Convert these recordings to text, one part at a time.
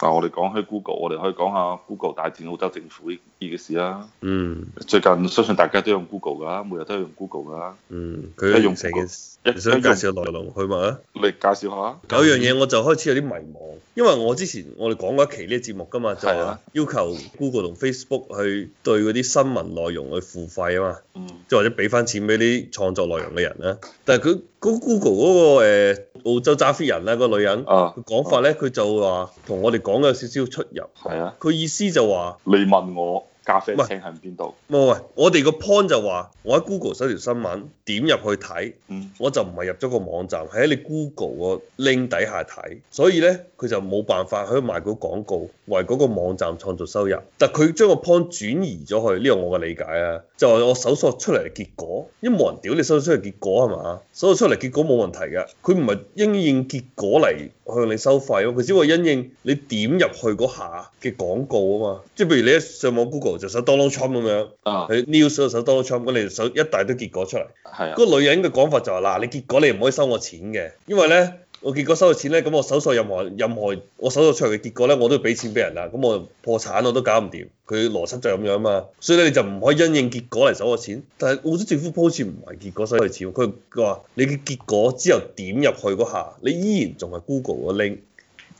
嗱、啊，我哋講開 Google，我哋可以講下 Google 大戰澳洲政府嘅事啦、啊。嗯。最近相信大家都用 Google 㗎，每日都用 Google 㗎。嗯。佢用成幾？你想介紹個內容佢嘛？用去吧你介紹下啊。有一樣嘢我就開始有啲迷茫，因為我之前我哋講過一期呢個節目㗎嘛，就係要求 Google 同 Facebook 去對嗰啲新聞內容去付費啊嘛。嗯。即係或者俾翻錢俾啲創作內容嘅人咧，但係佢嗰 Google 嗰、嗰個、呃澳洲揸飛人咧、嗰個女人，佢講、啊、法咧，佢、啊、就話同我哋講有少少出入，係啊，佢意思就話你問我。咖啡廳喺邊度？冇，係，我哋個 point 就話，我喺 Google 搜條新聞，點入去睇，嗯、我就唔係入咗個網站，係喺你 Google 個 link 底下睇，所以咧佢就冇辦法去賣個廣告為嗰個網站創造收入，但佢將個 point 轉移咗去，呢個我嘅理解啊，就係我搜索出嚟嘅結果，因冇人屌你搜索出嚟結果係嘛，搜索出嚟結果冇問題嘅，佢唔係應驗結果嚟。向你收費，咯，佢只會因應你點入去嗰下嘅廣告啊嘛，即係譬如你一上網 Google 就搜 Donald Trump 咁樣啊，喺 News 就搜 Donald Trump，咁你就搜一大堆結果出嚟。係、啊。個女人嘅講法就係、是：嗱，你結果你唔可以收我錢嘅，因為咧。我結果收咗錢呢，咁我搜索任何任何我搜索出嚟嘅結果呢，我都俾錢俾人啦，咁我破產我都搞唔掂，佢邏輯就係咁樣嘛。所以咧，你就唔可以因應結果嚟收我錢。但係澳洲政府好 o s t 唔係結果收佢錢，佢佢話你嘅結果之後點入去嗰下，你依然仲係 Google 個 link。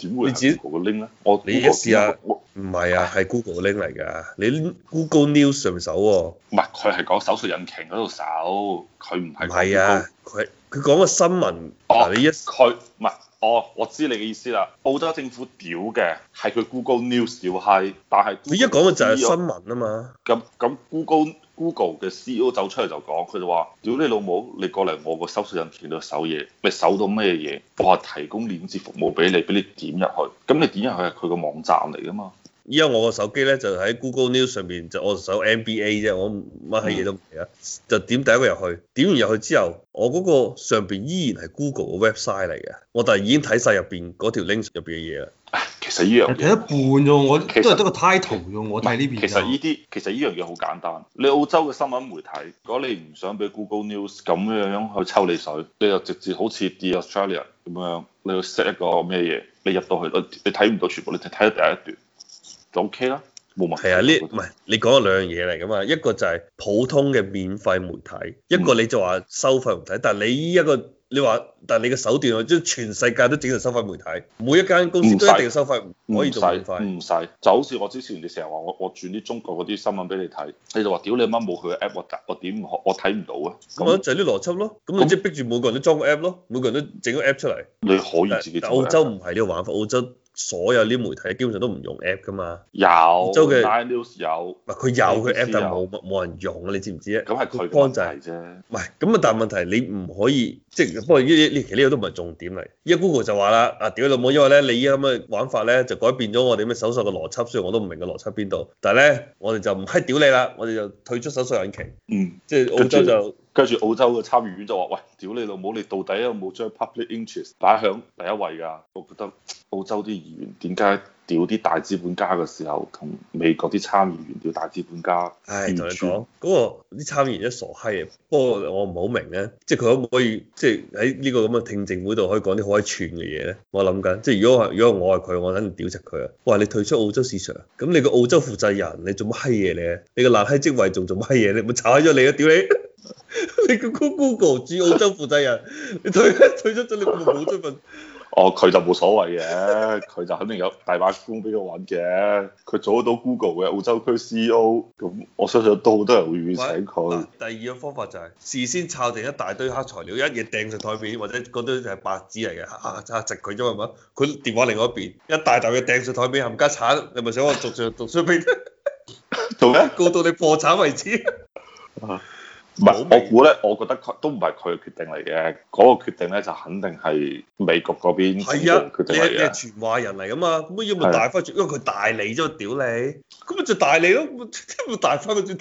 你自己 Google link 啦，我你一試下，唔係啊，係、啊、Google link 嚟噶，你 Google News 上，啊、手喎，唔係佢係講搜索引擎嗰度搜，佢唔係，唔係啊，佢佢講個新聞，哦，你一佢唔係，哦，我知你嘅意思啦，澳洲政府屌嘅係佢 Google News 屌閪，但係你一講嘅就係新聞啊嘛，咁咁 Google。嗯嗯嗯嗯嗯 Google 嘅 CEO 走出嚟就講，佢就話：屌你老母，你過嚟我個搜索引擎度搜嘢，你搜到咩嘢？我係提供鏈接服務俾你，俾你點入去。咁你點入去係佢個網站嚟噶嘛？依家我個手機咧就喺 Google News 上面，就我搜 NBA 啫，我乜嘢都唔係啊，嗯、就點第一個入去。點完入去之後，我嗰個上邊依然係 Google 嘅 website 嚟嘅，我就已經睇晒入邊嗰條 link 入邊嘅嘢啦。其實依樣嘢，一半啫我都係得個 title 用喎，我喺呢邊。其實呢啲，其實依樣嘢好簡單。你澳洲嘅新聞媒體，如果你唔想俾 Google News 咁樣樣去抽你水，你就直接好似 The Australia 咁樣，你要 set 一個咩嘢，你入到去，你睇唔到全部，你睇到第一段就 OK 啦。係啊，呢唔係你講咗兩樣嘢嚟㗎嘛，一個就係普通嘅免費媒體，嗯、一個你就話收費媒體。但係你依、這、一個，你話，但係你嘅手段係將全世界都整成收費媒體，每一間公司都一定要收費，唔可以做免費，唔使，就好似我之前你成日話我我轉啲中國嗰啲新聞俾你睇，你就話屌你媽冇佢嘅 app，我我點我睇唔到啊？咁啊就係啲邏輯咯，咁你即係逼住每個人都裝個 app 咯，每個人都整個 app 出嚟。你可以自己。澳洲唔係呢個玩法，澳洲。所有啲媒體基本上都唔用 app 噶嘛，有澳洲嘅 Nine News 有，佢的有佢有 app，但冇冇有人用啊！你知唔知啊？咁係佢幫就係啫。唔係，咁啊！但係問題你唔可以，即係不過呢呢呢期呢個都唔係重點嚟。依家 Google 就話啦，啊屌老母！因為咧你依家咁嘅玩法咧就改變咗我哋咩搜索嘅邏輯，雖然我都唔明個邏輯邊度，但係咧我哋就唔係屌你啦！我哋就退出搜索引擎。嗯。即係澳洲就。嗯。跟住澳洲嘅參議院就話：喂，屌你老母！你到底有冇將 public interest 擺喺第一位㗎？我覺得澳洲啲議員點解屌啲大資本家嘅時候，同美國啲參議員屌大資本家？唉、哎，同你講嗰個啲、那個、參議員一傻閪啊！不過我唔好明咧，即係佢可唔可以即係喺呢個咁嘅聽證會度可以講啲好閪串嘅嘢咧？我諗緊，即係如果話如果我係佢，我肯定屌窒佢啊！喂，你退出澳洲市場，咁你個澳洲負責人，你做乜閪嘢嚟嘅？你個爛閪職位仲做乜閪嘢？你咪炒咗你啊！屌你！ 你個 Google 駐澳洲負責人，你退退出咗你冇冇出份？哦，佢就冇所謂嘅，佢 就肯定有大把官俾我玩嘅，佢做得到 Google 嘅澳洲區 CEO，咁我相信都好多人會願請佢。第二個方法就係、是、事先炒定一大堆黑材料，一嘢掟上台面，或者嗰堆就係白紙嚟嘅，吓、啊、直佢咗係咪？佢電話另一邊，一大沓嘢掟上台面，冚家鏟，你咪想我逐張逐張面做咩？告到你破產為止。 唔係，我估咧，我覺得佢都唔係佢決定嚟嘅，嗰、嗰個決定咧就肯定係美國嗰邊決定嚟嘅、啊。你你全華人嚟噶嘛？咁要嘢咪大翻住？啊、因為佢大你咗，屌你，咁咪就大你咯，咁咪大翻佢。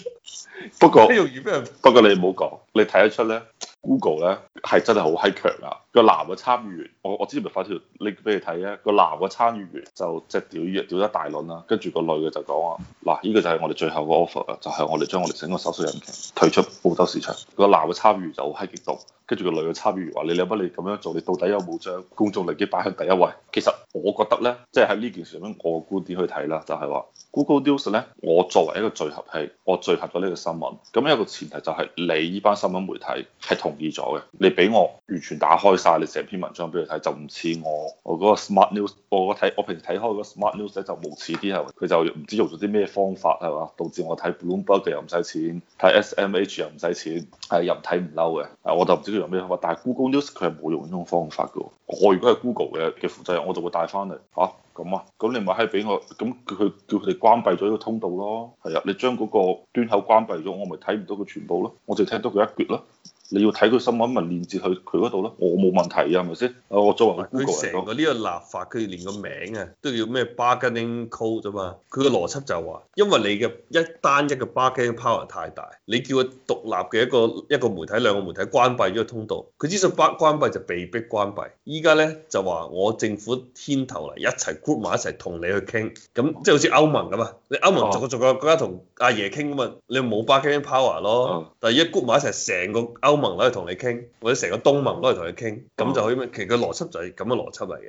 不過， 不過你唔好講，你睇得出咧。Google 咧係真係好閪強啊個男嘅參與員，我我之前咪發條 link 俾你睇啊個男嘅參與員就只屌嘢屌一大輪啦、啊，跟住個女嘅就講啊嗱呢、這個就係我哋最後個 offer 啦，就係、是、我哋將我哋整個搜索引擎退出澳洲市場個男嘅參與員就好閪激動，跟住個女嘅參與員話你點解你咁樣做，你到底有冇將公眾利益擺喺第一位？其實我覺得咧，即係喺呢件事上，我嘅觀點去睇啦，就係話 Google News 咧，我作為一個聚合器，我聚合咗呢個新聞，咁一個前提就係、是、你呢班新聞媒體係同。同意咗嘅，你俾我完全打開晒，你成篇文章俾佢睇，就唔似我我嗰個 Smart News，我睇我平時睇開嗰 Smart News 咧就無恥啲係，佢就唔知用咗啲咩方法係嘛，導致我睇 Bloomberg 又唔使錢，睇 SMH 又唔使錢，係又睇唔嬲嘅，我就唔知佢用咩方法，但係 Google News 佢係冇用呢種方法嘅喎。我如果係 Google 嘅嘅負責人，我就會帶翻嚟嚇。咁啊，咁、啊、你咪係俾我咁佢叫佢哋關閉咗呢個通道咯。係啊，你將嗰個端口關閉咗，我咪睇唔到佢全部咯，我就聽到佢一橛咯。你要睇佢新聞咪鏈接佢佢嗰度咯，我冇問題啊，係咪先？啊，我作為 Google 佢成個呢個立法，佢連個名啊都要咩 Bargaining code 啫嘛。佢個邏輯就話，因為你嘅一單一個 Bargaining Power 太大，你叫佢獨立嘅一個一個媒體兩個媒體關閉咗通道，佢只想關關閉就被逼關閉。依家咧就話我政府牽頭嚟一齊 group 埋一齊同你去傾，咁即係好似歐盟咁嘛，你歐盟逐個逐個國家同阿爺傾咁嘛，你冇 Bargaining Power 咯，但係一 group 埋一齊成個歐。東盟攞嚟同你傾，或者成個東盟都係同你傾咁就可以，其實個邏輯就係咁嘅邏輯嚟嘅。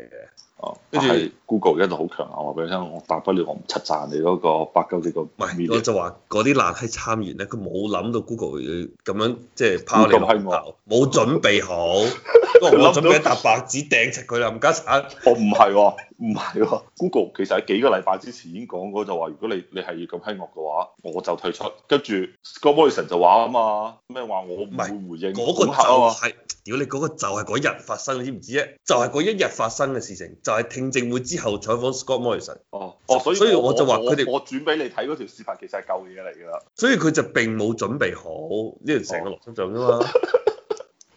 哦，跟住 Google 一度好強硬話俾你聽，我大不了，我唔出贊你嗰個八九幾個 million。唔係，我就話嗰啲難係參與咧，佢冇諗到 Go Google 咁樣即係拋嚟咁欺我，冇準備好， 都冇準備一沓白紙掟齊佢啦，唔加產。 我唔係喎，唔係喎。Google 其實喺幾個禮拜之前已經講過就，就話如果你你係要咁欺我嘅話，我就退出。跟住 Scott Morrison 就話啊嘛，咩話我唔會回應咁黑是、就是、啊。如果你嗰個就係嗰日發生，你知唔知啫？就係、是、嗰一日發生嘅事情，就係、是、聽證會之後採訪 Scott Morrison。哦哦，所以所以我就話佢哋，我轉俾你睇嗰條視頻，其實係舊嘢嚟㗎喇。所以佢就並冇準備好呢條成個邏輯上噶嘛。哦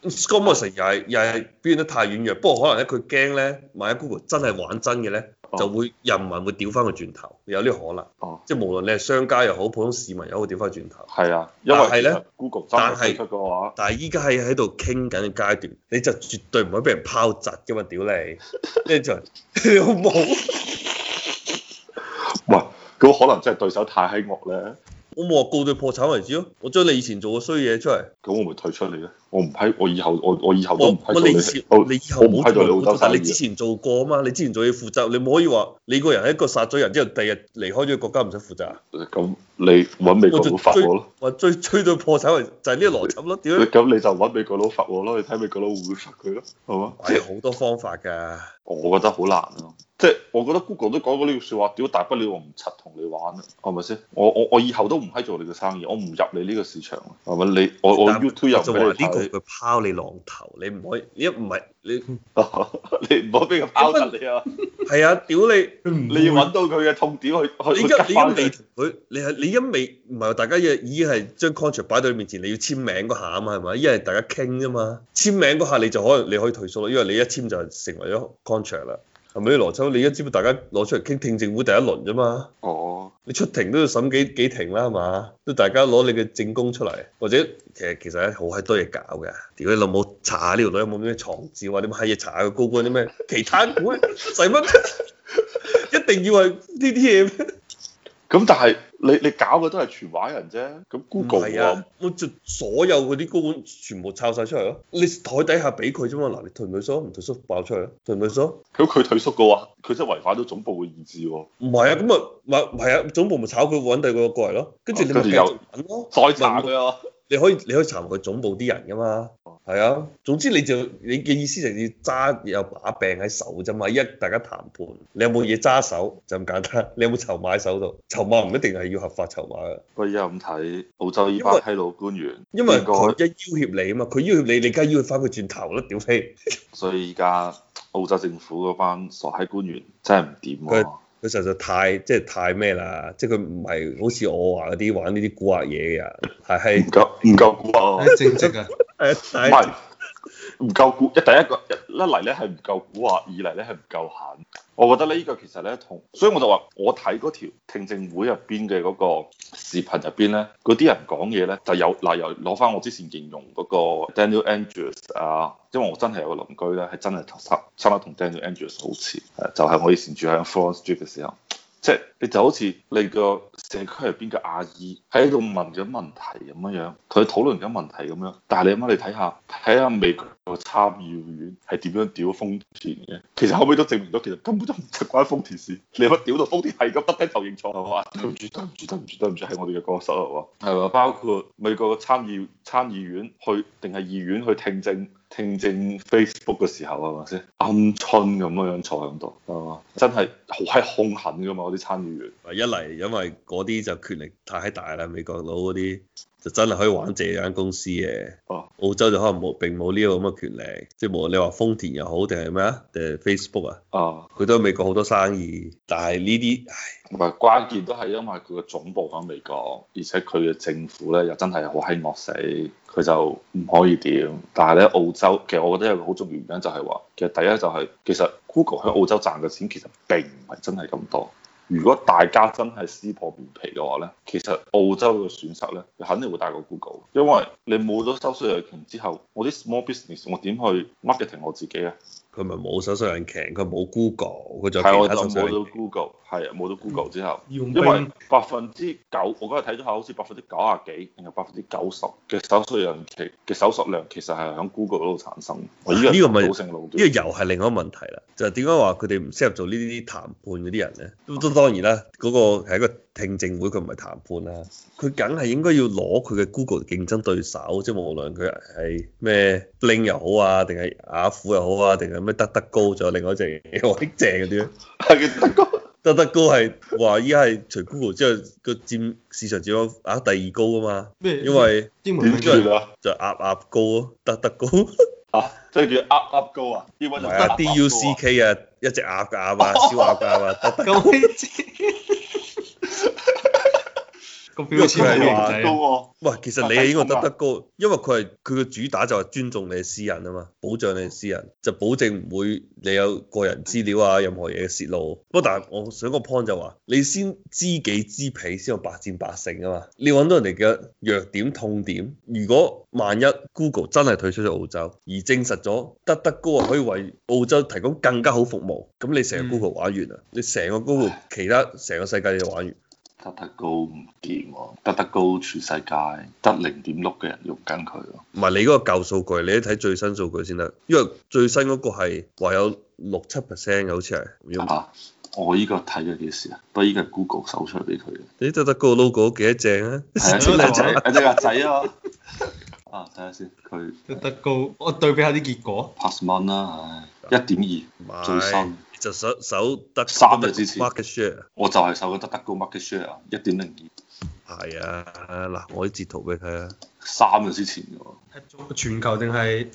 s Commercial 又係又係變得太軟弱，不過可能咧佢驚咧，萬一 Google 真係玩真嘅咧，啊、就會人民會掉翻個轉頭，有呢可能。哦、啊，即係無論你係商家又好，普通市民又好，調翻轉頭。係啊，因為咧，Google 真係出過話。但係依家係喺度傾緊嘅階段，你就絕對唔可以俾人拋窒噶嘛，屌你！跟住， 你好冇不？ 喂，咁可能真係對手太閪惡咧。我冇話告到破產為止咯，我將你以前做過衰嘢出嚟。咁我咪退出你咧，我唔喺我以後我我以後都唔出。你以前，我你以後唔你，你之前做過啊嘛，你之前仲要負責，你你你負責你，你唔可以話你個人喺一個殺咗人之後，第日離開咗個國家唔使負責啊。咁你搵美國佬罰我咯。我追追到破產為止，就係呢個邏輯咯。點樣？咁你就搵美國佬罰我咯，你睇美國佬會唔會罰佢咯？係嘛？即係好多方法噶。我覺得好難咯、啊。即係我覺得 Google 都講過呢啲説話，屌大不了我唔柒同你玩，係咪先？我我我以後都唔閪做你嘅生意，我唔入你呢個市場，係咪？你我但 我要推入嚟就話呢個佢拋你浪頭，你唔可以，你唔係你， 你唔可以俾佢拋質你啊！係啊，屌你！ 你要揾到佢嘅痛點去你，依家 你依你佢你係你依未唔係話大家嘢已經係將 contract 擺到你面前，你要簽名嗰下啊嘛係咪？依係大家傾啫嘛，簽名嗰下你就可能你可以退縮啦，因為你一簽就成為咗 contract 啦。係咪啲邏輯？你而家知唔知，大家攞出嚟傾聽證會第一輪啫嘛。哦，你出庭都要審幾幾庭啦，係嘛？都大家攞你嘅證供出嚟，或者其實其實咧好閪多嘢搞嘅。如果你老母，有冇查下呢條女有冇咩床照啊？啲乜閪嘢查下個高官啲咩其他股使、啊、乜？ 一定要係呢啲嘢。咁但係你你搞嘅都係傳話人啫，咁 Google 唔係啊，我就所有嗰啲高管全部炒晒出嚟咯，你台底下俾佢啫嘛，嗱你退唔退縮？唔退，退縮爆出嚟啊，退唔退縮？咁佢退縮嘅話，佢真係違反咗總部嘅意志喎。唔係啊，咁啊咪唔係啊，總部咪炒佢揾第二個過嚟咯，跟住你咪繼續咯，再查佢。啊。再撞 你可以你可以查佢總部啲人噶嘛，係啊，總之你就你嘅意思就要揸有把柄喺手啫嘛，依家大家談判，你有冇嘢揸手就咁簡單，你有冇籌碼喺手度？籌碼唔一定係要合法籌碼嘅。佢依家咁睇澳洲依班閪佬官員，因為佢一要挾你啊嘛，佢要挾你，你梗係要翻佢轉頭咯，屌飛！所以而家澳洲政府嗰班傻閪官員真係唔掂。佢實在是太即係太咩啦！即係佢唔係好似我話嗰啲玩呢啲蠱惑嘢嘅人，係係唔急唔急啊！ 正直啊，唔夠古，一第一個一嚟咧係唔夠古惑，二嚟咧係唔夠狠。我覺得呢依、呢個其實咧同，所以我就話我睇嗰條聽證會入邊嘅嗰個視頻入邊咧，嗰啲人講嘢咧就有嗱又攞翻我之前形容嗰個 Daniel Andrews 啊，因為我真係有個鄰居咧係真係差差唔多同 Daniel Andrews 好似，係就係、係、我以前住喺 Frost Street 嘅時候，即係。你就好似你個社區入邊嘅阿姨喺度問緊問題咁樣，佢討論緊問題咁樣。但係你諗下，你睇下睇下美國嘅參議院係點樣屌豐田嘅？其實後尾都證明咗其實根本就唔關豐田事。你乜屌到豐田係咁不低頭認錯係嘛？對唔住對唔住對唔住對唔住係我哋嘅過失，係嘛？包括美國嘅參議參議院去定係議院去聽證聽證 Facebook 嘅時候係咪先鵪鶉咁樣坐喺度？啊，真係好閪兇狠㗎嘛！嗰啲參議一嚟，因為嗰啲就權力太大啦，美國佬嗰啲就真係可以玩自己間公司嘅。哦、啊，澳洲就可能冇並冇呢個咁嘅權力，即係無論你話豐田又好定係咩啊，定係 Facebook 啊，哦，佢都喺美國好多生意，但係呢啲，唔係關鍵都係因為佢嘅總部喺美國，而且佢嘅政府咧又真係好閪惡死，佢就唔可以點。但係咧，澳洲其實我覺得有個好重要原因就係話，其實第一就係其實 Google 喺澳洲賺嘅錢其實並唔係真係咁多。如果大家真係撕破面皮嘅話咧，其實澳洲嘅損失咧，佢肯定會大過 Google，因為你冇咗搜索引擎之後，我啲 small business 我點去 marketing 我自己啊？佢咪冇搜索引擎，佢冇 Google，佢就係我就冇咗 Google，係啊冇咗 Google 之後，因為百分之九，我今日睇咗下，好似百分之九啊幾，定係百分之九十嘅搜索量其嘅搜索量其實係喺 Google 嗰度產生。呢依、啊這個咪，呢、這個又係另一個問題啦。就係點解話佢哋唔適合做呢啲談判嗰啲人咧？都當然啦，嗰、那個係一個聽證會，佢唔係談判啦，佢梗係應該要攞佢嘅 Google 競爭對手，即係無論佢係咩 Bing 又好啊，定係雅虎又好啊，定係。咪得得高，仲有另外一隻嘢，好 正嗰啲咧。係得高，得得高係話依家係除 Google 之外個佔市場佔有率啊第二高啊嘛。咩？因為點知就鴨鴨高咯，得得高啊，即係叫鴨鴨高啊。呢個就 D U C K 啊，一隻鴨嘅鴨啊，燒鴨嘅鴨啊，得得、 啊、高。 呢個先係德德高喎，喂，其實你係應該德德高，因為佢係佢嘅主打就係尊重你嘅私人啊嘛，保障你嘅私人，就保證唔會你有個人資料啊任何嘢嘅泄露。不過但係我想個 point 就話，你先知己知彼先有百戰百勝啊嘛。你揾到人哋嘅弱點、痛點，如果萬一 Google 真係退出咗澳洲，而證實咗德德高可以為澳洲提供更加好服務，咁你成個 Google 玩完啦，你成個 Google 其他成個世界就玩完。得得高唔掂喎，得得高全世界得零點六嘅人用緊佢喎。唔係你嗰個舊數據，你一睇最新數據先得，因為最新嗰個係話有六七 percent 嘅，好似係。點、欸、啊？我依個睇咗幾時啊？不過依個係 Google 搜出嚟俾佢。你得得高 logo 幾多隻啊？四隻牙仔，四仔啊！啊，睇下先，佢得得高，我對比下啲結果。pass one 啦，一點二最新。就搜得、啊、三日之前，market share，我就係搜得得高 market share 啊，一點零二。係啊，嗱，我啲截圖俾佢啊，三日之前嘅喎。全球定係？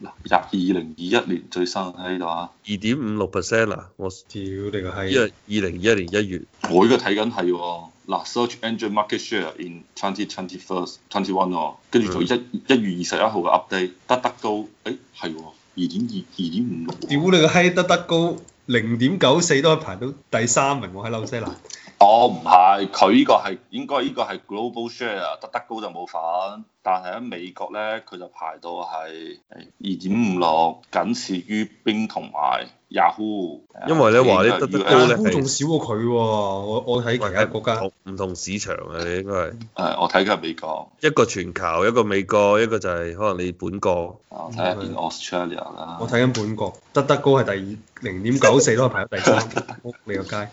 嗱，廿二零二一年最新喺度啊，二點五六 percent 啊，我屌你個閪。因為二零二一年一月，我依家睇緊係嗱，search engine market share in twenty twenty first twenty one，跟住做一一月二十一號嘅 update，得得高，誒係二點二二點五六。屌你個閪，得得高。零點九四都排到第三名喎，喺紐西蘭。我唔係，佢呢、oh, 個係應該呢個係 global share，啊。德德高就冇份，但係喺美國咧，佢就排到係二點五六，僅次於冰同埋 Yahoo。因為咧話你德德高咧仲少過佢、啊啊，我我睇其他國家唔同市場啊，你應該係誒，我睇緊美國一個全球，一個美國，一個就係可能你本國，睇下是 in Australia 啦。我睇緊本國，德德高係第二零點九四，都係排到第三，美國街。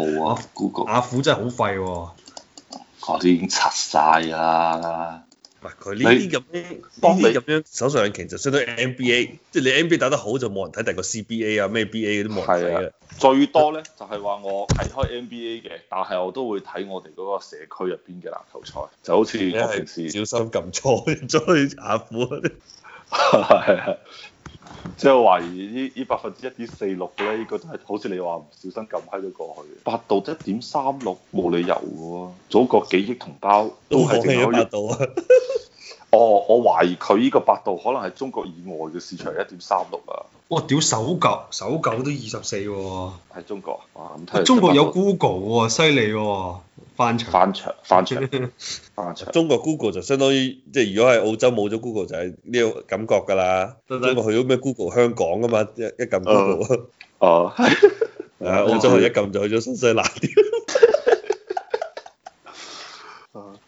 冇啊，Google 阿虎真係好廢喎、啊，嗰啲、啊、已經拆晒啦。唔佢呢啲咁樣幫你咁樣手上引擎就相當於 NBA，即係你 NBA 打得好就冇人睇、啊，但係第個 CBA 啊咩 BA 嗰啲冇人睇嘅。最多咧就係、是、話我睇開 NBA 嘅，但係我都會睇我哋嗰個社區入邊嘅籃球賽，就好似我平時小心撳錯咗去、 啊、虎啲。係 係 啊。即係我懷疑呢呢百分之一點四六咧，呢、這個真係好似你話唔小心撳喺咗過去。百度一點三六，冇理由喎、啊。中國幾億同胞都係定喺百度啊。 哦，我懷疑佢呢個百度可能係中國以外嘅市場一點三六啊。哇！屌搜狗，搜狗都二十四喎。喺中國啊？中國有 Google 喎、啊，犀利喎。翻牆翻牆翻牆，中國 Google 就相當於即係如果係澳洲冇咗 Google 就係呢個感覺噶啦，中國去咗咩 Google 香港啊嘛，一一撳 Google 哦，係啊，澳洲一撳就去咗新西蘭，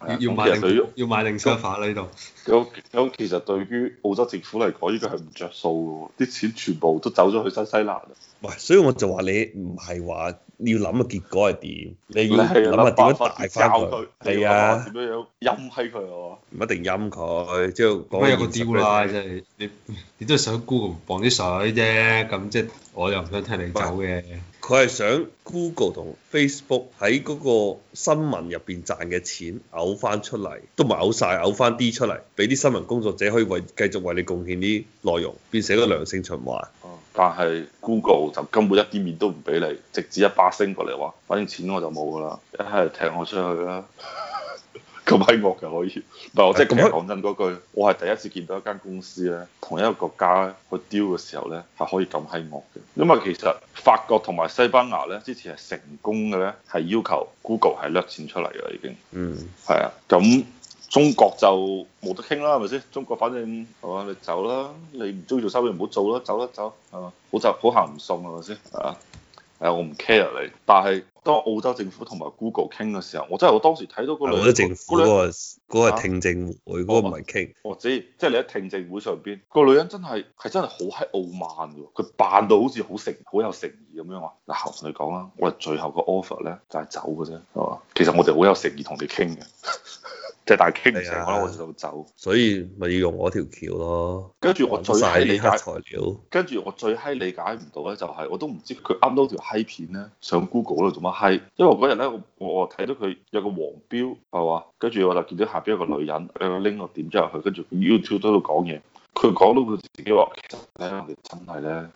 要要買零要買零 s h 呢度，咁咁其實對於澳洲政府嚟講，依個係唔着數噶，啲錢全部都走咗去新西蘭，喂，所以我就話你唔係話。你要諗個結果係點，你要諗下點樣大翻佢，係啊，點樣陰閪佢喎？唔一定陰佢，即係講有個招啦，真係，你你都係想 Google 放啲水啫，咁即係我又唔想聽你走嘅。佢係想 Google 同 Facebook 喺嗰個新聞入邊賺嘅錢嘔翻出嚟，都唔係嘔晒，嘔翻啲出嚟，俾啲新聞工作者可以為繼續為你貢獻啲內容，變成一個良性循環。但係 Google 就根本一啲面都唔俾你，直接一巴聲過嚟話，反正錢我就冇噶啦，一係踢我出去啦，咁惡嘅可以，但係我即係是麼講真嗰句，我係第一次見到一間公司咧，同一個國家去 deal 嘅時候咧，係可以咁惡嘅，因為其實法國同埋西班牙咧之前係成功嘅咧，係要求 Google 係掠錢出嚟嘅已經，嗯，係啊，咁。中國就冇得傾啦，係咪先？中國反正係嘛、啊，你走啦，你唔中意做生意唔好做啦，走啦走，係嘛，好就好行唔送，係咪先？啊，係我唔 care 你，但係當澳洲政府同埋 Google 傾嘅時候，我真係我當時睇到嗰兩嗰個嗰個,女個聽證會嗰、啊、個唔係傾。我知，即係你喺聽證會上邊，個女人真係係真係好閪傲慢㗎，佢扮到好似好誠好有誠意咁樣話，嗱、啊，你講啦，我哋最後個 offer 咧就係、是、走嘅啫，係、啊、嘛？其實我哋好有誠意同你傾嘅。 即係大傾成，我諗、啊、我就走，所以咪要用我條橋咯。跟住我最閪理解，材料跟住我最閪理解唔到咧，就係我都唔知佢 upload 咗條閪片咧，上 Google 度做乜閪？為因為嗰日咧，我我睇到佢有個黃標係話，跟住我就見到下邊有個女人，誒拎個我點入去，跟住 YouTube 都喺度講嘢，佢講到佢自己話，其實咧我哋真係咧。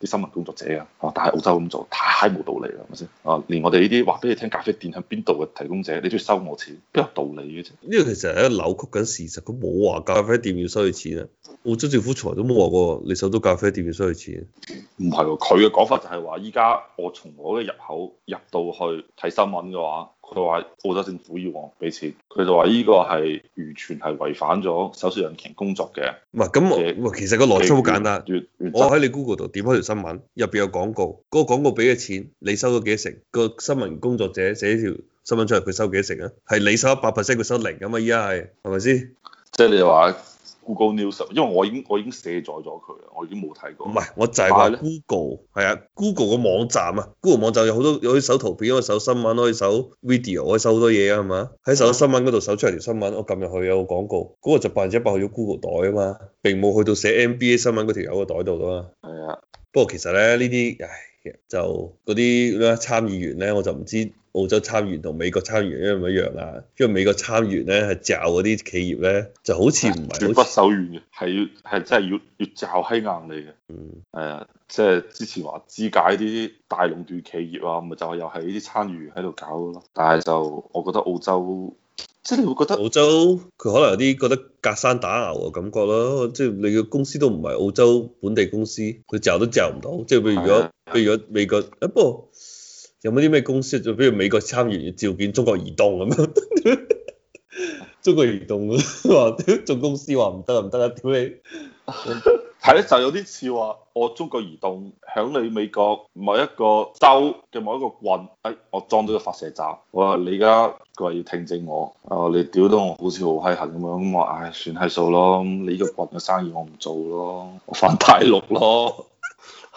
啲新聞工作者啊，哦，但係澳洲咁做太冇道理啦，係咪先？哦，連我哋呢啲話俾你聽，咖啡店喺邊度嘅提供者，你都要收我錢，邊有道理嘅啫？呢個其實係一扭曲緊事實，佢冇話咖啡店要收你錢啊！澳洲政府從來都冇話過你首都咖啡店要收你錢，唔係喎，佢嘅講法就係話，依家我從我嘅入口入到去睇新聞嘅話。佢話澳洲政府要我俾錢，佢就話依個係完全係違反咗手術引擎工作嘅。唔係咁，唔也其實個邏輯好簡單。我喺你 Google 度點開條新聞，入邊有廣告，嗰、嗰個廣告俾嘅錢你收咗幾多成？個新聞工作者寫條新聞出嚟，佢收幾多成啊？係你收一百 percent，佢收零㗎嘛？依家係係咪先？即係你話。Google News，因為我已經我已經卸載咗佢啦，我已經冇睇過。唔係，我就係話 Google，係啊，Google 個網站啊，Google 網站有好多有可以搜圖片，有可以搜新聞，有可以搜 video，有可以搜好多嘢啊，係嘛？喺搜新聞嗰度搜出嚟條新聞，我撳入去有個廣告，嗰個就百分之一百去咗 Google 袋啊嘛，並冇去到寫 NBA 新聞嗰條友個袋度啊嘛。係啊。不過其實咧呢啲，唉，就嗰啲咧參議員咧，我就唔知。澳洲參與同美國參與一樣唔一樣啊？因為美國參與咧係嚼嗰啲企業咧，就好似唔係不手軟嘅，係要係真係要要嚼喺硬嚟嘅。嗯，係啊、嗯，即、就、係、是、之前話肢解啲大壟斷企業啊，咪就係又係呢啲參與喺度搞咯。但係就我覺得澳洲，即係你會覺得澳洲佢可能有啲覺得隔山打牛嘅感覺咯。即、就、係、是、你嘅公司都唔係澳洲本地公司，佢嚼都嚼唔到。即係譬如如如果譬如果美國，哎、不過。有冇啲咩公司？就比如美國參與照片中國移動咁樣， 中國移動話做 公司話唔得唔得啊！屌你，係咧就有啲似話，我中國移動響你美國某一個州嘅某一個郡，哎，我裝咗個發射站，我話你而家佢話要聽證我，我、呃、你屌到我好似好閪痕咁樣，咁話唉，算係數咯，你呢個郡嘅生意我唔做咯，我翻大陸咯。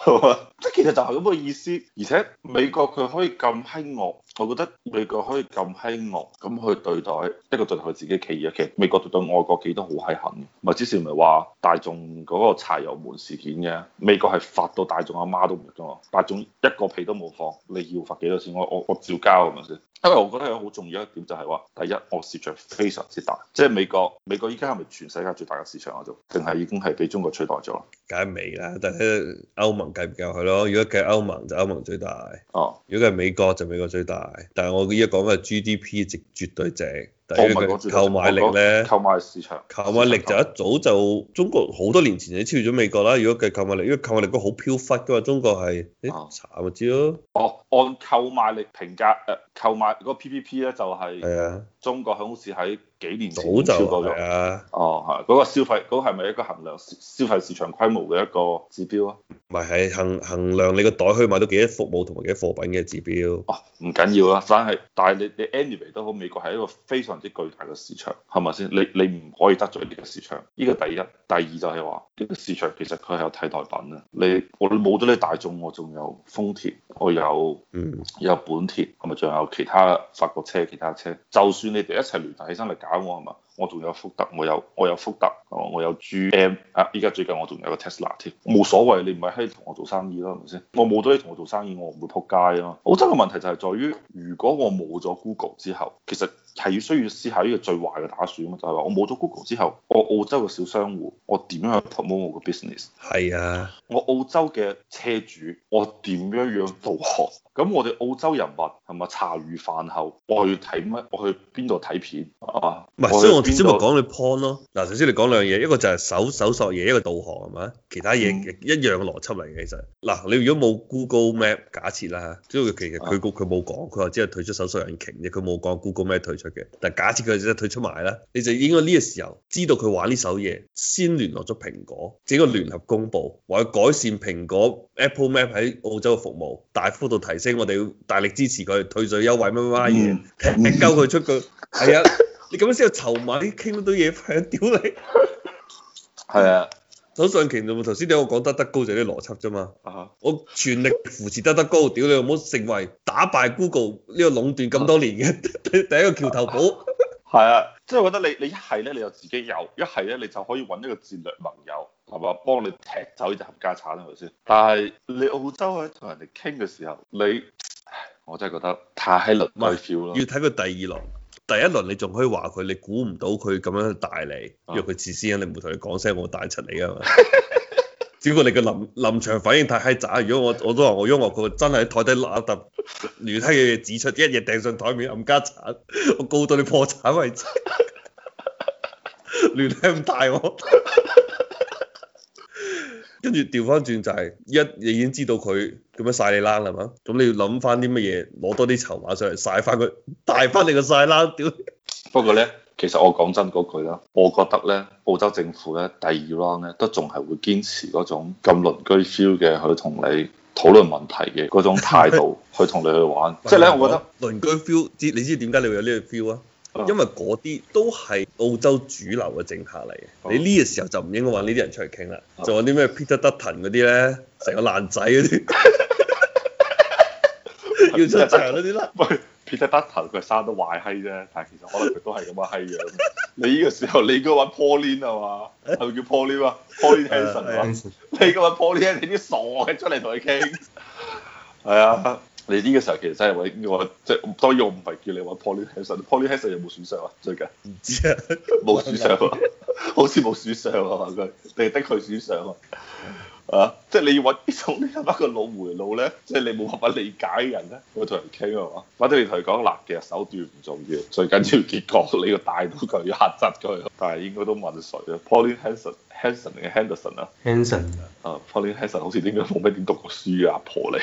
係嘛？即係 其實就係咁嘅意思，而且美國佢可以咁欺我。我覺得美國可以咁欺壓，咁去對待一個對待佢自己企業，其實美國對待外國企都好係狠。咪之前咪話大眾嗰個柴油門事件嘅，美國係罰到大眾阿媽，媽都唔得喎。大眾一個屁都冇放，你要罰幾多錢？我我我照交係咪先？因為我覺得有好重要一點就係、是、話，第一，個市場非常之大。即係美國，美國依家係咪全世界最大嘅市場啊？仲定係已經係俾中國取代咗啦？梗係未啦，但係歐盟計唔計佢去咯？如果計歐盟就歐盟最大。哦。如果計美國就美國最大。但係我依家講嘅 GDP 值絕對正。購購買力咧，購買市場，購買力就一早就中國好多年前就超越咗美國啦。如果計購買力，因為購買力嗰個好飄忽嘅嘛。中國係，查咪、啊哎、知咯？哦，按購買力評價，誒、呃、購買嗰個 PPP 咧就係、啊，係中國好似喺幾年前就超過早就啊。哦，係嗰、啊那個消費嗰係咪一個衡量消費市場規模嘅一個指標啊？唔係係衡衡量你個袋可以買到幾多服務同埋幾多貨品嘅指標。哦，唔緊要啊，真係，但係你你 anyway 都好，美國係一個非常。啲巨大嘅市場係咪先？你你唔可以得罪呢個市場，呢個第一。第二就係話，呢個市場其實佢係有替代品啊。你我冇咗呢大眾，我仲有豐田，我有嗯，有本田，係咪仲有其他法國車、其他車？就算你哋一齊聯合起身嚟搞我嘛？我仲有福特，我有我有福特，我有 GM。啊！依家最近我仲有個 Tesla 添、啊，冇所謂，你唔係喺度同我做生意咯，係咪先？我冇咗你同我做生意，我唔會仆街咯。澳洲嘅問題就係在於，如果我冇咗 Google 之後，其實係要需要思考呢個最壞嘅打算咯，就係話我冇咗 Google 之後，我澳洲嘅小商戶，我點樣去 promote 我嘅 business？係啊，我澳洲嘅車主，我點樣樣導航？咁我哋澳洲人物係咪茶餘飯後我去睇乜？我去邊度睇片啊？是是首先咪講你 point 咯，嗱，首先你講兩樣嘢，一個就係搜搜索嘢，一個導航係嘛，其他嘢一樣嘅邏輯嚟嘅。其實嗱，你如果冇 Google Map，假設啦嚇，因其實佢佢冇講，佢話只係退出搜索引擎嘅，佢冇講 Google Map 退出嘅。但係假設佢真係退出埋啦，你就應該呢個時候知道佢玩呢手嘢，先聯絡咗蘋果，整個聯合公佈話去改善蘋果 Apple Map 喺澳洲嘅服務，大幅度提升，我哋要大力支持佢退稅優惠乜乜乜嘢，嚟鳩佢出佢係啊。哎你咁樣先有籌碼傾得多嘢，係啊的，屌 你！係啊，好上鉅啫嘛！頭先你我講得得高就啲邏輯啫嘛。啊、uh！Huh. 我全力扶持得得高，屌你，唔好成為打敗 Google 呢個壟斷咁多年嘅第一個橋頭堡。係啊、uh，即、huh. 係、 就是、我覺得你你一係咧，你就自己有；一係咧，你就可以揾一個戰略盟友，係咪啊，幫你踢走呢隻冚家鏟，係咪先？但係你澳洲喺同人哋傾嘅時候，你我真係覺得太喺度對 f 要睇佢第二浪。第一輪你仲可以話佢，你估唔到佢咁樣去帶你，若佢、啊、自私，你唔會同佢講聲我帶出你㗎嘛。只不過你個臨臨場反應太閪渣，如果我我都話我幽默，佢真係喺台底揦揼亂聽嘅嘢指出，一嘢掟上台面，冚家鏟，我告到你破產為止，亂聽唔大我。 跟住調翻轉就係，一你已經知道佢咁樣晒你啦，係嘛？咁你要諗翻啲乜嘢，攞多啲籌碼上嚟曬翻佢，帶翻你個晒啦。屌。不過咧，其實我講真嗰句啦，我覺得咧，澳洲政府咧第二 round 咧都仲係會堅持嗰種咁鄰居 feel 嘅，去同你討論問題嘅嗰種態度， 去同你去玩。即係咧，我覺得我鄰居 feel，知你知點解你會有呢個 feel 啊？因為嗰啲都係澳洲主流嘅政客嚟，你呢個時候就唔應該揾呢啲人出嚟傾啦，就揾啲咩 Peter Dutton 嗰啲咧，成個爛仔嗰啲， 要出場嗰啲啦。喂 Peter Dutton 佢生得壞閪啫，但係其實可能佢都係咁嘅閪樣。你呢個時候你應該揾 Pauline 係嘛？係咪叫 Pauline 啊？Pauline Hanson 啊？ 你咁揾 Pauline，你啲傻嘅出嚟同佢傾係啊！ 你呢個時候其實真係揾我，即係當然我唔係叫你揾 Pauline Hanson。Pauline Hanson 有冇損傷啊？最近唔知啊，冇損傷啊，好似冇損傷啊。佢你係的佢損傷啊？啊，啊，即係你要揾呢種呢？乜個腦回路咧？即係你冇辦法理解人咧？同人傾啊嘛、啊，或者你同佢講，其實手段唔重要，最緊要結果。你要大到佢，要嚇窒佢，但係應該都問誰啊？Pauline Hanson Hanson 定係 Handerson 啊 Hanson 啊、uh，啊 Pauline Hanson 好似應該冇咩點讀過書啊，阿婆你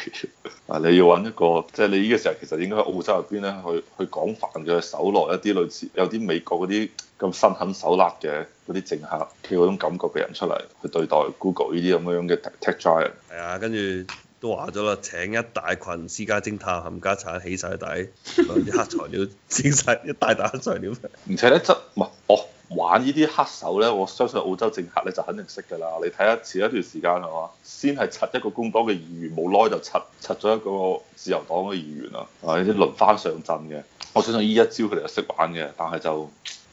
啊， 你要揾一個，即係你呢個時候其實應該喺澳洲入邊咧，去去廣泛嘅搜羅一啲類似有啲美國嗰啲咁心狠手辣嘅嗰啲政客，佢嗰種感覺嘅人出嚟去對待 Google 呢啲咁樣嘅 Tech Giant。係啊，跟住都話咗啦，請一大群私家偵探、冚家產起晒底，攞啲黑材料整晒一大打材料，唔且咧執，唔係哦。玩呢啲黑手呢，我相信澳洲政客呢就肯定識嘅啦。你睇下前一段時間係嘛，先係剷一個工黨嘅議員，冇耐就剷剷咗一個自由黨嘅議員啦，係咪啲輪番上陣嘅？我相信呢一招佢哋就識玩嘅，但係就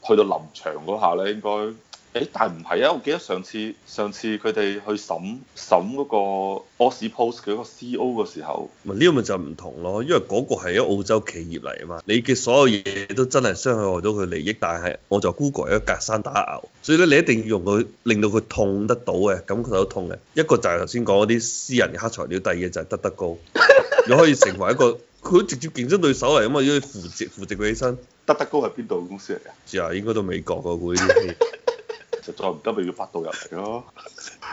去到臨場嗰下呢，應該。誒，但係唔係啊？我記得上次，上次佢哋去審審嗰個 AusPost 嗰個 CEO 嘅時候，咪呢個咪就唔同咯，因為嗰個係一澳洲企業嚟啊嘛，你嘅所有嘢都真係傷害咗佢利益，但係我就 Google 係一隔山打牛，所以咧你一定要用佢，令到佢痛得到嘅，咁佢都痛嘅。一個就係頭先講嗰啲私人黑材料，第二嘅就係得德，德高， 你可以成為一個佢直接競爭對手嚟啊嘛，要扶植扶植佢起身。得 德，德高係邊度公司嚟噶？唔知啊，應該到美國嘅喎啲。實在唔得咪要百度入嚟咯！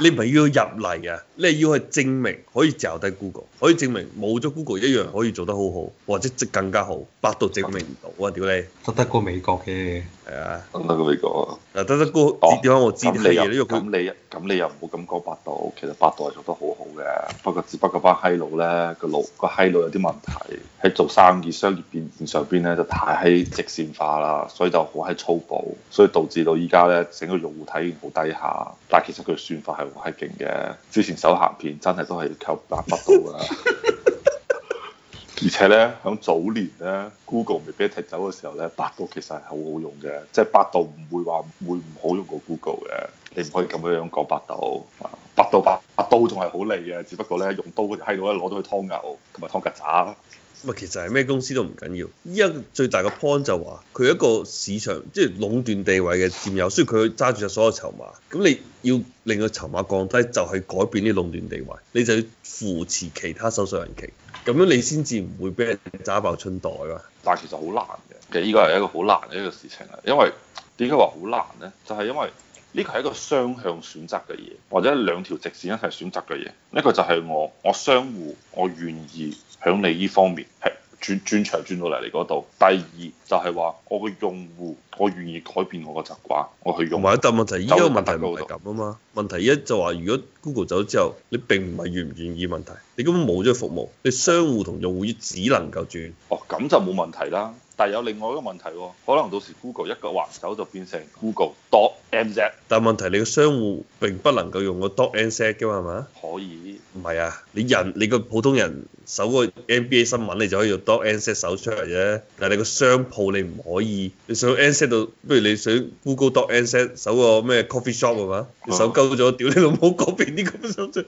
你唔係要入嚟嘅，你係要去證明可以嚼低 Google，可以證明冇咗 Google 一樣可以做得好好，或者即更加好。百度證明唔到啊！屌你，得得過美國嘅係啊，得得過美國啊，嗱得得過點解我知你嘢咧？咁你咁你又唔好咁講百度，其實百度係做得好好嘅，不過只不過班閪佬咧個路呢，個閪佬有啲問題喺做生意商業變現上邊咧就太喺直線化啦，所以就好喺粗暴，所以導致到依家咧整個用。睇好低下，但係其實佢算法係係勁嘅。之前搜鹹片真係都係靠百度㗎。 而且咧，響早年咧，Google 未俾踢走嘅時候咧，百度其實係好好用嘅。即係百度唔會話會唔好用過 Google 嘅。你唔可以咁樣講百度。百度把把刀仲係好利嘅，只不過咧用刀喺度咧攞到去劏牛同埋劏曱甴。其實係咩公司都唔緊要。依家最大嘅 point 就話，佢一個市場即係、就是、壟斷地位嘅佔有，所以佢揸住曬所有籌碼。咁你要令個籌碼降低，就係、是、改變啲壟斷地位。你就要扶持其他受損人羣，咁樣你先至唔會俾人揸爆春袋啦、啊。但係其實好難嘅，其實呢個係一個好難嘅一個事情啊。因為點解話好難呢？就係、是、因為呢個係一個雙向選擇嘅嘢，或者兩條直線一齊選擇嘅嘢。呢個就係我我相互我願意。響你依方面，係轉轉場轉到嚟你嗰度。第二就係話，我個用戶，我願意改變我個習慣，我去用。唔係一個問題啊！就係依家個問題冇問題噉啊嘛。問題一就話，如果 Google 走咗之後，你並唔係願唔願意，願意問題，你根本冇咗服務，你商戶同用戶只能夠轉。哦，咁就冇問題啦。但有另外一個問題喎，哦，可能到時 Google 一個橫手就變成 Google dot n z。但係問題你個商戶並不能夠用，個 dot n z 㗎嘛係咪？可以。唔係啊，你人你個普通人搜個 NBA 新聞，你就可以用 dot、嗰個、n z 搜出嚟啫。但係你個商鋪你唔可以，你想 n z 到，不如你想 Google dot n z 搜個咩 coffee shop 係嘛？你搜鳩咗，屌、啊、你老母嗰邊啲咁嘅嘢。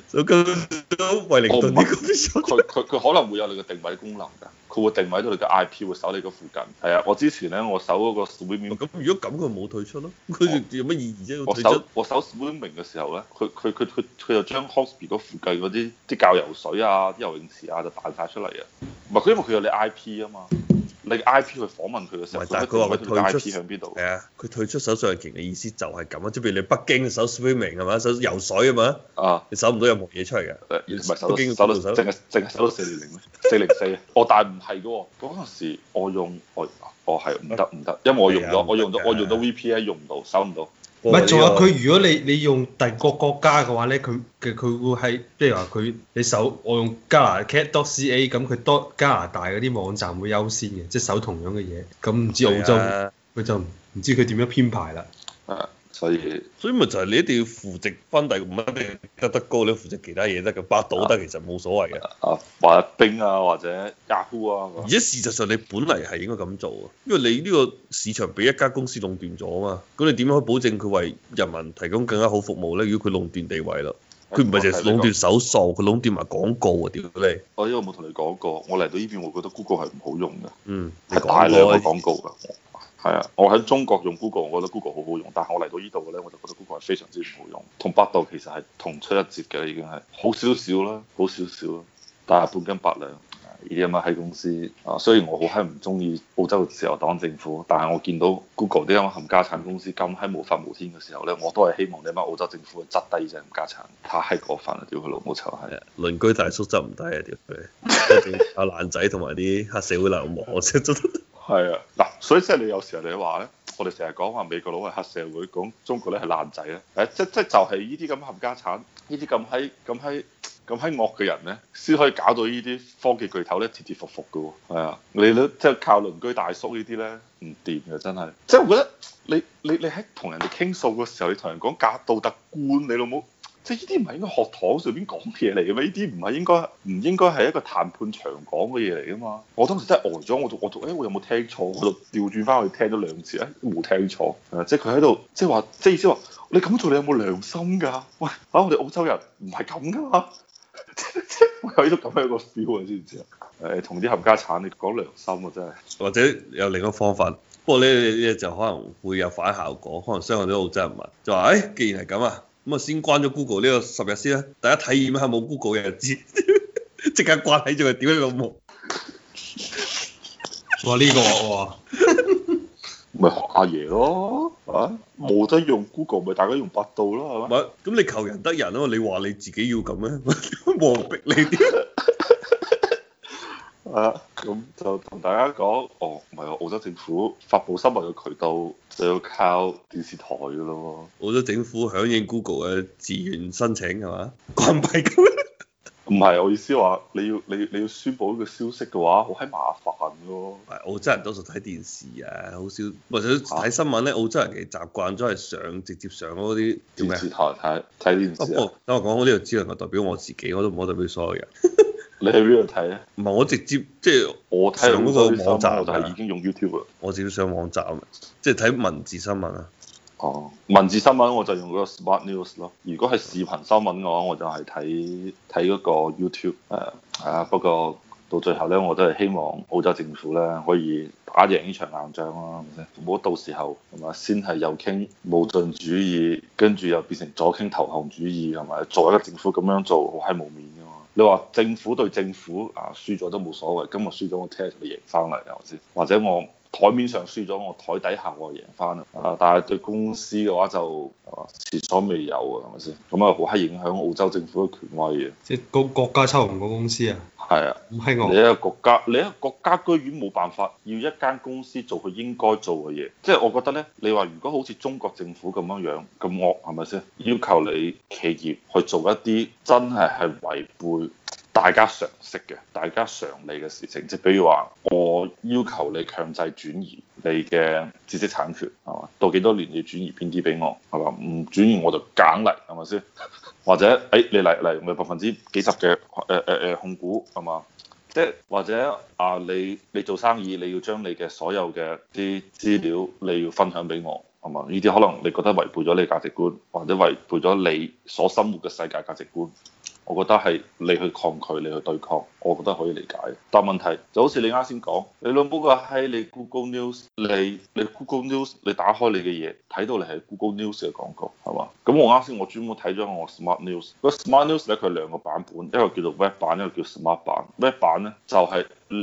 我唔係，佢佢佢可能會有你嘅定位功能㗎，佢會定位到你嘅 IP 會搜你個附近。係啊，我之前咧我搜嗰個 swimming，咁如果咁佢冇退出咯，佢有乜意義啫？我搜守我搜 swimming 嘅時候咧，佢佢佢佢佢就將 Hornsby 嗰附近嗰啲啲教游水啊、啲游泳池啊就彈晒出嚟啊，唔係佢因為佢有你 IP 啊嘛。你 I P 去訪問佢嘅時候，唔係，佢話佢退出向邊度？係啊，佢退出手上嘅意思就係咁啊！即係譬如你北京搜 swimming 係嘛，搜游水啊嘛，啊，你搜唔到有冇嘢出嚟嘅？唔係搜到，搜到淨係淨係搜到四零零咩？四零四啊！我但係唔係嘅喎，嗰陣時我用我我係唔得唔得，因為我用咗我用到我用到 V P N 用唔到，搜唔到。唔係，仲有佢如果你你用第個國，國家嘅話咧，佢嘅佢會係。譬如話佢你搜我用加拿大 dot ca 咁，佢多 ca，加拿大嗰啲網站會優先嘅，即係搜同樣嘅嘢，咁唔知澳洲佢、啊、就唔知佢點樣編排啦。所以所以咪就係你一定要扶植翻第五，一定得得高，你扶植其他嘢得嘅，百度得其實冇所謂嘅，啊，啊發冰啊，啊或者 Yahoo 啊，而家事實上你本嚟係應該咁做啊，因為你呢個市場俾一家公司壟斷咗啊嘛，咁你點樣可以保證佢為人民提供更加好服務咧？如果佢壟斷地位咯，佢唔係淨係壟斷搜索，佢壟斷埋廣告啊，屌你！我因為冇同你講過，我嚟到呢邊，我覺得 Google 係唔好用嘅，嗯，係大量嘅廣告㗎。係啊，我喺中國用 Google，我覺得 Google 好好用，但係我嚟到呢度嘅咧，我就覺得 Google 係非常之唔好用，同百度其實係同出一轍嘅已經係，好少少啦，好少少啦，但係半斤八兩。呢啲咁嘅喺公司啊，雖然我好閪唔中意澳洲自由黨政府，但係我見到 Google 啲咁嘅冚家產公司咁喺無法無天嘅時候咧，我都係希望你媽澳洲政府執低隻，冚家產太過分啦，屌佢老母臭閪啊！鄰居大叔執唔低啊，屌佢！阿爛仔同埋啲黑社會流氓，真係啊，嗱，所以即係你有時候你話咧，我哋成日講話美國佬係黑社會，講中國咧係爛仔咧，誒，即即就係、是、呢啲咁冚家產，呢啲咁閪咁閪咁閪惡嘅人咧，先可以搞到呢啲科技巨頭咧，跌跌伏伏嘅喎。係啊，你都即係靠鄰居大叔呢啲咧，唔掂嘅真係。即、就、係、是、我覺得你你你喺同人哋傾訴嘅時候，你同人講假道德觀，你老母。即係呢啲唔係應該學堂上邊講嘅嘢嚟嘅咩？呢啲唔係應該唔應該係一個談判場講嘅嘢嚟噶嘛？我當時真係呆咗，我就我就、哎、我有冇聽錯？我就調轉翻去聽咗兩次啊，冇聽錯！即係佢喺度，即係話，即係意思話，你咁做你有冇良心㗎？喂，啊，我哋澳洲人唔係咁噶嘛？即 係有度咁樣一個 feel 啊，知唔知啊？誒，同啲冚家產，你講、哎、良心啊，真係。或者有另一個方法，不過咧，咧就可能會有反效果，可能傷害啲澳洲人民。就話誒、哎，既然係咁啊。咁啊，先關咗 Google 呢個十日先啦，大家體驗下冇 Google 嘅日子，即刻掛喺度，點呢、這個夢、哦？話呢個，咪學阿爺咯，啊，冇得用 Google，咪大家用百度咯，係咪？咁你求人得人啊嘛，你話你自己要咁咩？冇 逼你。你 啊，咁就同大家講，哦，唔係、哦、澳洲政府發布新聞嘅渠道就要靠電視台㗎咯。澳洲政府響應 Google 嘅自願申請係嘛？唔係，唔係我意思話，你要你你要宣佈呢個消息嘅話，好係麻煩咯、哦。澳洲人多數睇電視啊，好少，或者睇新聞咧，啊、澳洲人其實習慣咗係上直接上嗰啲電視台睇睇電視啊。啊等我講好，我呢度只能夠代表我自，我自己，我都唔可以代表所有人。你去邊度睇咧？唔係我直接即係我上嗰個網站就係已經用 YouTube 啦，我自己上網站，即係睇文字新聞啊。哦，文字新聞我就用嗰個 Smart News 咯。如果係視頻新聞嘅話，我就係睇睇嗰個 YouTube。係係啊。不過到最後咧，我都係希望澳洲政府咧可以打贏呢場硬仗啦。唔好到時候係嘛，先係右傾無盡主義，跟住又變成左傾投降主義，係嘛？作為一個政府咁樣做，好閪冇面。你話政府對政府啊，輸咗都冇所謂，今日輸咗我聽日就贏返啦，或者我。台面上輸咗，我台底下我贏翻啊，但係對公司嘅話就前所未有啊，係咪先？咁啊，好閪影響澳洲政府嘅權威嘅。即係個國家抽唔過公司啊？係啊，唔係我。你一個國家，你一個國家居然冇辦法要一間公司做佢應該做嘅嘢，即係我覺得呢，你話如果好似中國政府咁樣樣咁惡，係咪先？要求你企業去做一啲真係係違背。大家常識嘅，大家常理嘅事情，即係比如話，我要求你強制轉移你嘅知識產權，係嘛？到幾多年要轉移邊啲俾我，係嘛？唔轉移我就揀嚟，係咪先？或者，誒、哎，你嚟嚟咪百分之幾十嘅誒誒誒控股，係嘛？即或者啊，你你做生意，你要將你嘅所有嘅啲資料，你要分享俾我，係嘛？呢啲可能你覺得違背咗你價值觀，或者違背咗你所生活嘅世界價值觀。我覺得係你去抗拒，你去對抗，我覺得可以理解。但問題就好似你啱先講，你老母個閪，你 Google News，你你 Google News，你打開你嘅嘢，睇到你係 Google News 嘅廣告，係嘛？咁我啱先我專門睇咗我 Smart News，個 Smart News 咧佢兩個版本，一個叫做 Web 版，一個叫 Smart 版。Web 版咧就係、是、你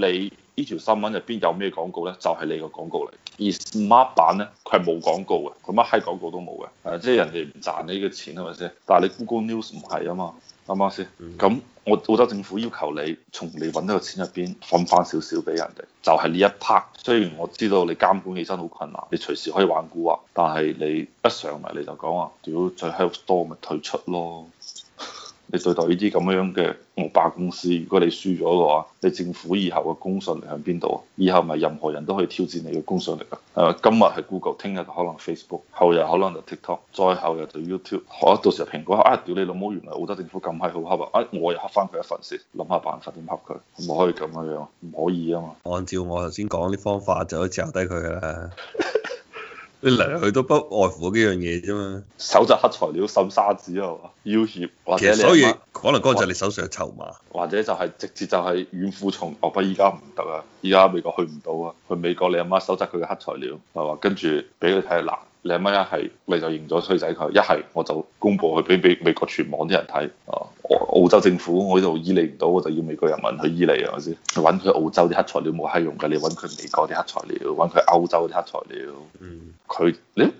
呢條新聞入邊有咩廣告咧，就係、是、你個廣告嚟。而 Smart 版咧佢係冇廣告嘅，佢乜閪廣告都冇嘅。誒，即、就、係、是、人哋唔賺你嘅錢係咪先？但係你 Google News 唔係啊嘛。啱唔啱先？咁、 嗯、澳洲政府要求你從你揾到嘅錢入邊分翻少少俾人哋，就係呢一 part。雖然我知道你監管起身好困難，你隨時可以玩蠱惑啊，但係你一上嚟你就講話，屌再開多咪退出咯。你對待呢啲咁樣嘅惡霸公司，如果你輸咗嘅話，你政府以後嘅公信力喺邊度？以後咪任何人都可以挑戰你嘅公信力啊！誒，今日係 Google，聽日可能 Facebook，後日可能就 TikTok，再後日就 YouTube，可到時候蘋果啊、哎，屌你老母！原來澳洲政府咁係好黑啊！啊、哎，我又黑翻佢一份先，諗下辦法點黑佢，唔可以咁嘅樣，唔可以啊嘛！按照我頭先講啲方法就可以掻低佢嘅啦。 你嚟嚟去去都不外乎嗰幾樣嘢啫嘛，搜集黑材料、滲沙子係嘛，要挾或者你。所以媽媽可能嗰個就係你手上嘅籌碼，或者就係、是、直接就係遠赴重洋。不過依家唔得啊，依家美國去唔到啊，去美國你阿媽搜集佢嘅黑材料係嘛，跟住俾佢睇下嗱。兩蚊一係，你就認咗衰仔佢；一係我就公佈去俾美美國全網啲人睇。啊，我澳洲政府我呢度醫你唔到，我就要美國人民去醫你啊！我先，揾佢澳洲啲黑材料冇閪用㗎，你揾佢美國啲黑材料，揾佢歐洲啲黑材料。佢、嗯，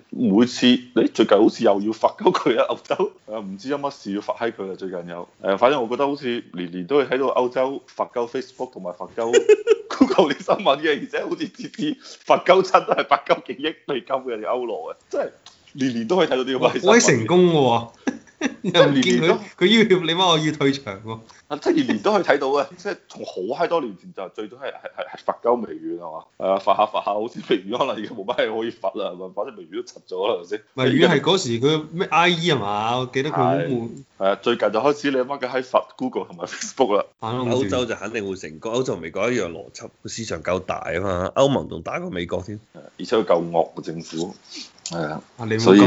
你每次你最近好似又要罰鳩佢啊？歐洲，誒、啊、唔知有乜事要罰閪佢啊？最近有誒、啊，反正我覺得好似年年都係喺度，歐洲罰鳩 Facebook 同埋罰鳩。 Google 啲新聞嘅，而且好似次次罰佢七，八九都係百幾億美金嘅人歐羅嘅，真係年年都可以睇到啲咁嘅，好鬼成功喎。 又見佢，佢要，請你媽，我要退場喎。啊，七二年都可以睇到啊，即係從好閪多年前就最早，最多係係係發鳩微軟係嘛？誒，發、啊、下發下，好似微軟可能而家冇乜嘢可以發啦，係咪？反正微軟都執咗啦，係咪先？微軟係嗰時佢咩 IE 係嘛？我記得佢好悶。啊，最近就開始你媽嘅喺發 Google 同埋 Facebook 啦。歐洲就肯定會成功，歐洲同美國一樣邏輯，市場夠大啊嘛。歐盟仲大過美國添。而且佢夠惡個政府。係啊，以啊，所以。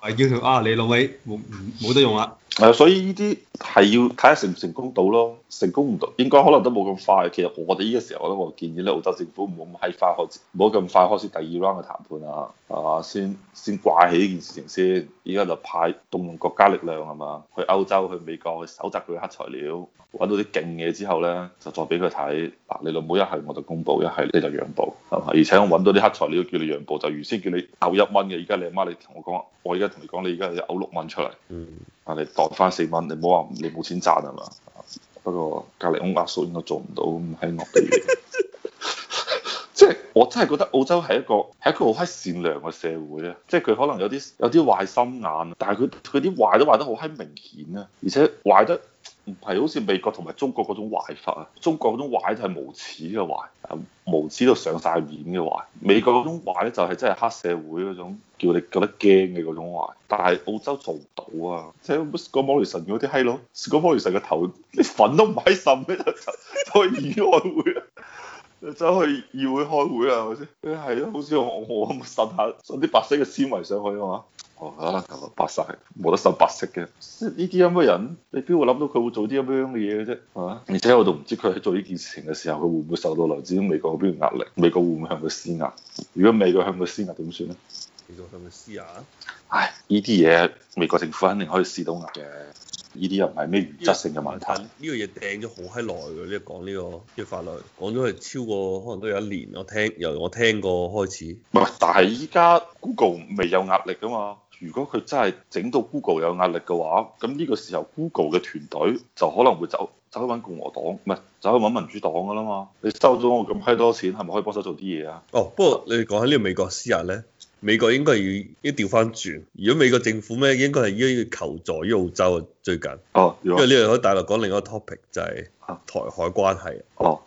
啊，要求啊！你老味冇唔冇得用啦～係，所以呢啲係要睇下成唔成功到咯，成功唔到應該可能都冇咁快。其實我哋呢個時候，我覺得我建議咧，澳洲政府唔好咁快開始，唔好咁快開始第二 round 嘅談判啊，係嘛？先先掛起呢件事情先。依家就派動用國家力量係嘛？去歐洲、去美國去搜集佢嘅黑材料，揾到啲勁嘢之後咧，就再俾佢睇。嗱、啊，你老母一係我就公佈，一係你就讓步，係嘛？而且我揾到啲黑材料叫你讓步，就原先叫你嘔一蚊嘅，而家你阿媽你同我講，我而家同你講，你而家要嘔六蚊出嚟。嗯。你當翻四蚊，你唔好話你冇錢賺吖嘛。不過隔離屋阿叔應該做唔到咁喺惡啲，即係我真係覺得澳洲係一個係一個好閪善良嘅社會咧，即係佢可能有啲有啲壞心眼，但係佢佢啲壞都壞得好閪明顯啊，而且壞得～唔係好似美國同埋中國嗰種壞法啊，中國嗰種壞就係無恥嘅壞，無恥到上晒面嘅壞。美國嗰種壞咧就係真係黑社會嗰種，叫你覺得驚嘅嗰種壞。但係澳洲做唔到啊，即係個摩利臣嗰啲閪佬，個摩利臣嘅頭啲粉都唔喺滲咧，就就去意外會啊！走去議會開會啊，係咪先？係咯，好似我我咁滲下，滲啲白色嘅纖維上去啊嘛。哦，白晒，冇得滲白色嘅。呢啲咁嘅人，你邊會諗到佢會做啲咁樣嘅嘢嘅啫？啊！而且我都唔知佢喺做呢件事情嘅時候，佢會唔會受到來自美國邊嘅壓力？美國會唔會向佢施壓？如果美國向佢施壓，點算咧？美國向佢施壓？唉，呢啲嘢，美國政府肯定可以施到壓嘅。呢啲又唔係咩原則性嘅問題。呢個嘢掟咗好閪耐嘅，即係講呢個法律，講咗係超過可能都有一年。我聽由我聽過開始。但係依家 Google 未有壓力噶嘛？如果佢真係整到 Google 有壓力嘅話，咁呢個時候 Google 嘅團隊就可能會走走去搵共和黨，唔係走去搵民主黨噶啦嘛？你收咗我咁閪多錢，係咪可以幫手做啲嘢啊？哦，不過你講喺呢個美國私下呢。美國應該要要調返轉，如果美國政府咩，應該係要求助於澳洲最近。哦，oh, yeah. 因為呢個喺大陸講另一個 topic 就係台海關係。哦。Oh.